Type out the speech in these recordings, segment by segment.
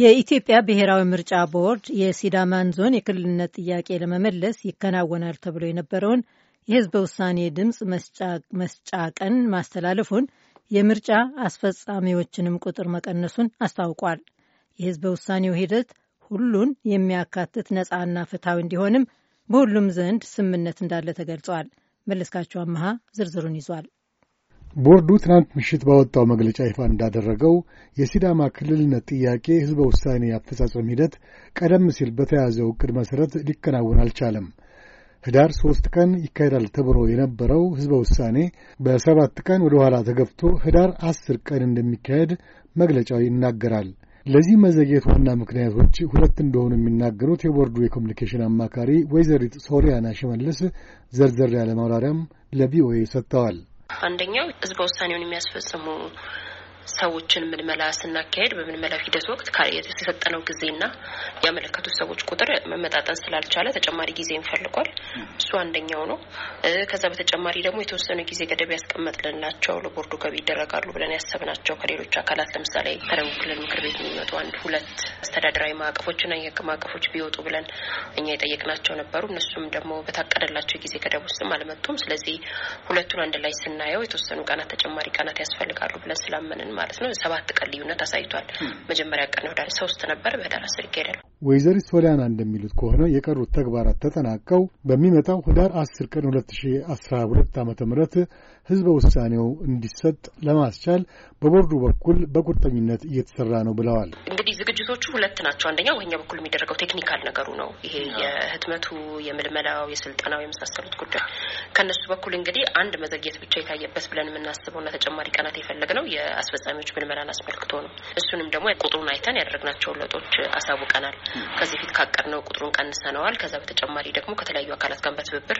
የኢትዮጵያ ብሔራዊ ምርጫ ቦርድ የሲዳማን ዞን የክልልነት ጥያቄ ለመመለስ ይከናወናል ተብሎ የነበረውን የሕዝበ ውሳኔ ድምፅ መስጫ ቀን ማስተላለፉን፣ የምርጫ አስፈጻሚዎችንም ቁጥር መቀነሱን አስታውቋል። የሕዝበ ውሳኔው ሂደት ሁሉን የሚያካትት ነፃና ፍትሐዊ እንዲሆንም በሁሉም ዘንድ ስምምነት እንዳለ ተገልጿል። መለስካቸው አመሃ ዝርዝሩን ይዟል። ቦርዱ ትናንት ምሽት ባወጣው መግለጫ ይፋ እንዳደረገው የሲዳማ ክልልነት ጥያቄ ሕዝበ ውሳኔ አፈጻጸም ሂደት ቀደም ሲል በተያዘው ውቅድ መሠረት ሊከናወን አልቻለም። ህዳር ሶስት ቀን ይካሄዳል ተብሎ የነበረው ሕዝበ ውሳኔ በሰባት ቀን ወደ ኋላ ተገፍቶ ህዳር አስር ቀን እንደሚካሄድ መግለጫው ይናገራል። ለዚህ መዘግየት ዋና ምክንያቶች ሁለት እንደሆኑ የሚናገሩት የቦርዱ የኮሚኒኬሽን አማካሪ ወይዘሪት ሶሊያና ሽመልስ ዘርዘር ያለ ማብራሪያም ለቪኦኤ ሰጥተዋል። አንደኛው ህዝበ ውሳኔውን የሚያስፈጽሙ ሰዎችን ምልመላ ስናካሄድ በምልመላው ሂደት ወቅት የተሰጠነው ጊዜና ያመለከቱት ሰዎች ቁጥር መመጣጠን ስላልቻለ ተጨማሪ ጊዜ ይፈልጓል። እሱ አንደኛው ነው። ከዛ በተጨማሪ ደግሞ የተወሰነ ጊዜ ገደብ ያስቀመጥልንላቸው ለቦርዱ ገቢ ይደረጋሉ ብለን ያሰብናቸው ከሌሎች አካላት ለምሳሌ ከደቡብ ክልል ምክር ቤት የሚመጡ አንድ ሁለት አስተዳደራዊ ማዕቀፎችና የህግ ማዕቀፎች ቢወጡ ብለን እኛ የጠየቅናቸው ነበሩ። እነሱም ደግሞ በታቀደላቸው ጊዜ ገደብ ውስጥም አልመጡም። ስለዚህ ሁለቱን አንድ ላይ ስናየው የተወሰኑ ቀናት ተጨማሪ ቀናት ያስፈልጋሉ ብለን ስላመንን ማለት ነው። ሰባት ቀን ልዩነት አሳይቷል። መጀመሪያ ቀን ወደ ሶስት ነበር በህዳር አስር ይካሄዳል። ወይዘሪት ሶሊያና እንደሚሉት ከሆነ የቀሩት ተግባራት ተጠናቀው በሚመጣው ህዳር 10 ቀን 2012 ዓ ም ህዝበ ውሳኔው እንዲሰጥ ለማስቻል በቦርዱ በኩል በቁርጠኝነት እየተሰራ ነው ብለዋል። እንግዲህ ዝግጅቶቹ ሁለት ናቸው። አንደኛው በኛ በኩል የሚደረገው ቴክኒካል ነገሩ ነው። ይሄ የህትመቱ፣ የምልመላው፣ የስልጠናው የመሳሰሉት ጉዳይ ከእነሱ በኩል እንግዲህ አንድ መዘግየት ብቻ የታየበት ብለን የምናስበውና ተጨማሪ ቀናት የፈለግነው የአስፈጻሚዎች ምልመላን አስመልክቶ ነው። እሱንም ደግሞ ቁጥሩን አይተን ያደረግናቸውን ለውጦች አሳውቀናል። ከዚህ ፊት ካቀድነው ቁጥሩን ቀንሰነዋል። ከዛ በተጨማሪ ደግሞ ከተለያዩ አካላት ጋር በትብብር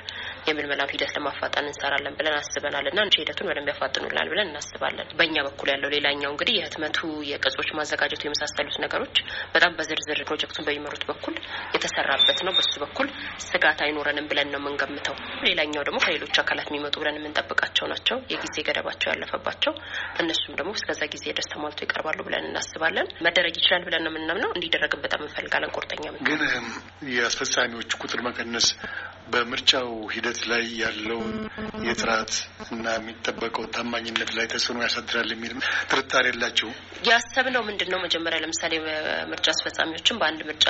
የምልመላም ሂደት ለማፋጠን እንሰራለን ብለን አስበናል እና ሂደቱን በደንብ ያፋጥኑላል ብለን እናስባለን። በእኛ በኩል ያለው ሌላኛው እንግዲህ የህትመቱ የቅጾች ማዘጋጀቱ የመሳሰሉት ነገሮች በጣም በዝርዝር ፕሮጀክቱን በሚመሩት በኩል የተሰራበት ነው። በሱ በኩል ስጋት አይኖረንም ብለን ነው የምንገምተው። ሌላኛው ደግሞ ከሌሎች አካላት የሚመጡ ብለን የምንጠብቃቸው ናቸው። የጊዜ ገደባቸው ያለፈባቸው እነሱም ደግሞ እስከዛ ጊዜ ድረስ ተሟልቶ ይቀርባሉ ብለን እናስባለን። መደረግ ይችላል ብለን ነው የምናምነው። እንዲደረግን በጣም እንፈልጋለን። ነን ቁርጠኛ። ግን የአስፈጻሚዎች ቁጥር መቀነስ በምርጫው ሂደት ላይ ያለውን የጥራት እና የሚጠበቀው ታማኝነት ላይ ተጽዕኖ ያሳድራል የሚል ጥርጣሬ የላቸው። ያሰብነው ምንድን ነው? መጀመሪያ ለምሳሌ ምርጫ አስፈጻሚዎችን በአንድ ምርጫ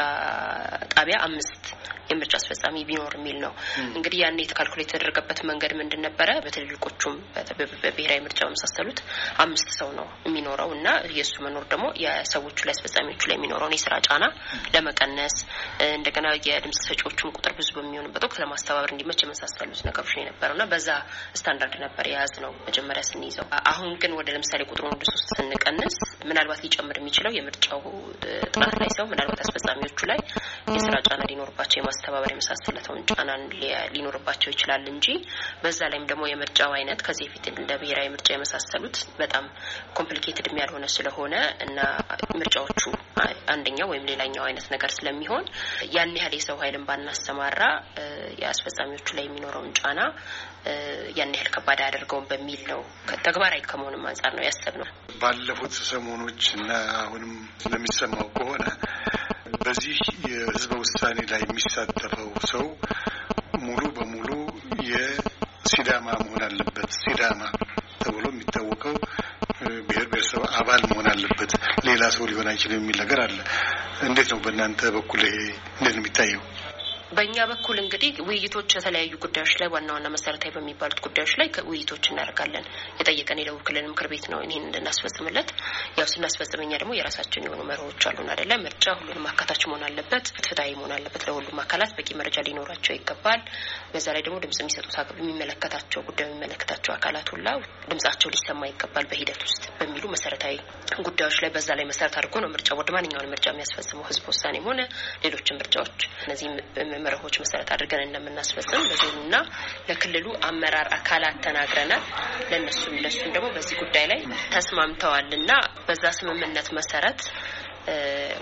ጣቢያ አምስት የምርጫ አስፈጻሚ ቢኖር የሚል ነው። እንግዲህ ያን ካልኩሌት የተደረገበት መንገድ ምንድን ነበረ? በትልልቆቹም በብሔራዊ ምርጫ በመሳሰሉት አምስት ሰው ነው የሚኖረው እና የእሱ መኖር ደግሞ የሰዎቹ ላይ አስፈጻሚዎቹ ላይ የሚኖረውን የስራ ጫና ለመቀነስ እንደገና የድምጽ ሰጪዎቹም ቁጥር ብዙ በሚሆንበት ወቅት ለማስተባበር እንዲመች የመሳሰሉት ነገሮች ነው የነበረው እና በዛ ስታንዳርድ ነበር የያዝ ነው መጀመሪያ ስንይዘው። አሁን ግን ወደ ለምሳሌ ቁጥሩን ወደ ሶስት ስንቀንስ ምናልባት ሊጨምር የሚችለው የምርጫው ጥናት ላይ ሰው ምናልባት አስፈጻሚዎቹ ላይ የስራ ጫና ሊኖርባቸው የማስተባበር የመሳሰለተውን ጫና ሊኖርባቸው ይችላል እንጂ በዛ ላይም ደግሞ የምርጫው አይነት ከዚህ ፊት እንደ ብሔራዊ ምርጫ የመሳሰሉት በጣም ኮምፕሊኬትድ ያልሆነ ስለሆነ እና ምርጫዎቹ አንደኛው ወይም ሌላኛው አይነት ነገር ስለሚሆን ያን ያህል የሰው ኃይልን ባናሰማራ የአስፈጻሚዎቹ ላይ የሚኖረውን ጫና ያን ያህል ከባድ አያደርገውም በሚል ነው ተግባራዊ ከመሆኑም አንጻር ነው ያሰብነው። ባለፉት ሰሞኖች እና አሁንም እንደሚሰማው ከሆነ በዚህ የህዝበ ውሳኔ ላይ የሚሳተፈው ሰው ሙሉ በሙሉ የሲዳማ መሆን አለበት። ሲዳማ ተብሎ የሚታወቀው ብሔር ብሔረሰብ አባል መሆን አለበት። ሌላ ሰው ሊሆን አይችልም የሚል ነገር አለ። እንዴት ነው በእናንተ በኩል ይሄ እንዴት ነው የሚታየው? በእኛ በኩል እንግዲህ ውይይቶች የተለያዩ ጉዳዮች ላይ ዋና ዋና መሰረታዊ በሚባሉት ጉዳዮች ላይ ውይይቶች እናደርጋለን። የጠየቀን የደቡብ ክልል ምክር ቤት ነው ይህን እንድናስፈጽምለት። ያው ስናስፈጽም እኛ ደግሞ የራሳችን የሆኑ መርሆች አሉን አደለ? ምርጫ ሁሉንም አካታች መሆን አለበት፣ ፍትሐዊ መሆን አለበት፣ ለሁሉም አካላት በቂ መረጃ ሊኖራቸው ይገባል። በዛ ላይ ደግሞ ድምጽ የሚሰጡት የሚመለከታቸው ጉዳዩ የሚመለከታቸው አካላት ሁላ ድምጻቸው ሊሰማ ይገባል በሂደት ውስጥ በሚሉ መሰረታዊ ጉዳዮች ላይ በዛ ላይ መሰረት አድርጎ ነው ምርጫ ቦርድ ማንኛውን ምርጫ የሚያስፈጽመው ህዝብ ውሳኔም ሆነ ሌሎችን ምርጫዎች እነዚህ መርሆች መሰረት አድርገን እንደምናስፈጽም ና ለክልሉ አመራር አካላት ተናግረናል። ለነሱም ለሱም ደግሞ በዚህ ጉዳይ ላይ ተስማምተዋል እና በዛ ስምምነት መሰረት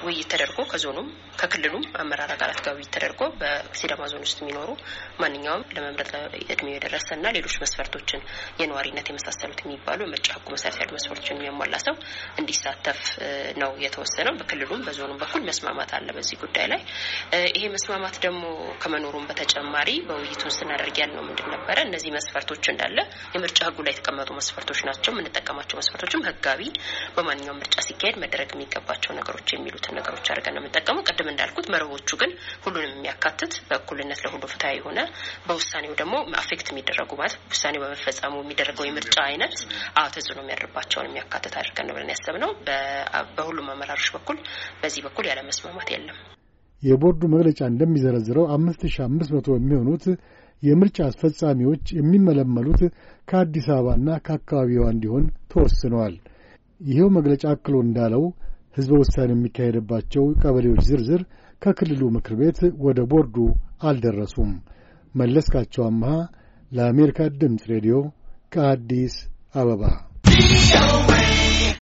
ውይይት ተደርጎ ከዞኑም ከክልሉም አመራር አካላት ጋር ውይይት ተደርጎ በሲዳማ ዞን ውስጥ የሚኖሩ ማንኛውም ለመምረጥ እድሜው የደረሰና ሌሎች መስፈርቶችን የነዋሪነት የመሳሰሉት የሚባሉ የምርጫ ህጉ መሰረት ያሉ መስፈርቶችን የሚያሟላ ሰው እንዲሳተፍ ነው የተወሰነው። በክልሉም በዞኑም በኩል መስማማት አለ በዚህ ጉዳይ ላይ። ይሄ መስማማት ደግሞ ከመኖሩም በተጨማሪ በውይይቱን ስናደርግ ያልነው ምንድን ነበረ? እነዚህ መስፈርቶች እንዳለ የምርጫ ህጉ ላይ የተቀመጡ መስፈርቶች ናቸው። የምንጠቀማቸው መስፈርቶችም ህጋቢ በማንኛውም ምርጫ ሲካሄድ መደረግ የሚገባቸው ነገሮች ነገሮች የሚሉትን ነገሮች አድርገን ነው የምንጠቀመው። ቅድም እንዳልኩት መርሆቹ ግን ሁሉንም የሚያካትት በእኩልነት ለሁሉ ፍትሐዊ የሆነ በውሳኔው ደግሞ አፌክት የሚደረጉ ማለት ውሳኔው በመፈጸሙ የሚደረገው የምርጫ አይነት አዎ ተጽዕኖ የሚያደርባቸውን የሚያካትት አድርገን ነው ብለን ያሰብነው። በሁሉም አመራሮች በኩል በዚህ በኩል ያለመስማማት የለም። የቦርዱ መግለጫ እንደሚዘረዝረው አምስት ሺ አምስት መቶ የሚሆኑት የምርጫ አስፈጻሚዎች የሚመለመሉት ከአዲስ አበባና ከአካባቢዋ እንዲሆን ተወስነዋል። ይኸው መግለጫ አክሎ እንዳለው ህዝበ ውሳኔ የሚካሄድባቸው ቀበሌዎች ዝርዝር ከክልሉ ምክር ቤት ወደ ቦርዱ አልደረሱም። መለስካቸው አምሃ ለአሜሪካ ድምፅ ሬዲዮ ከአዲስ አበባ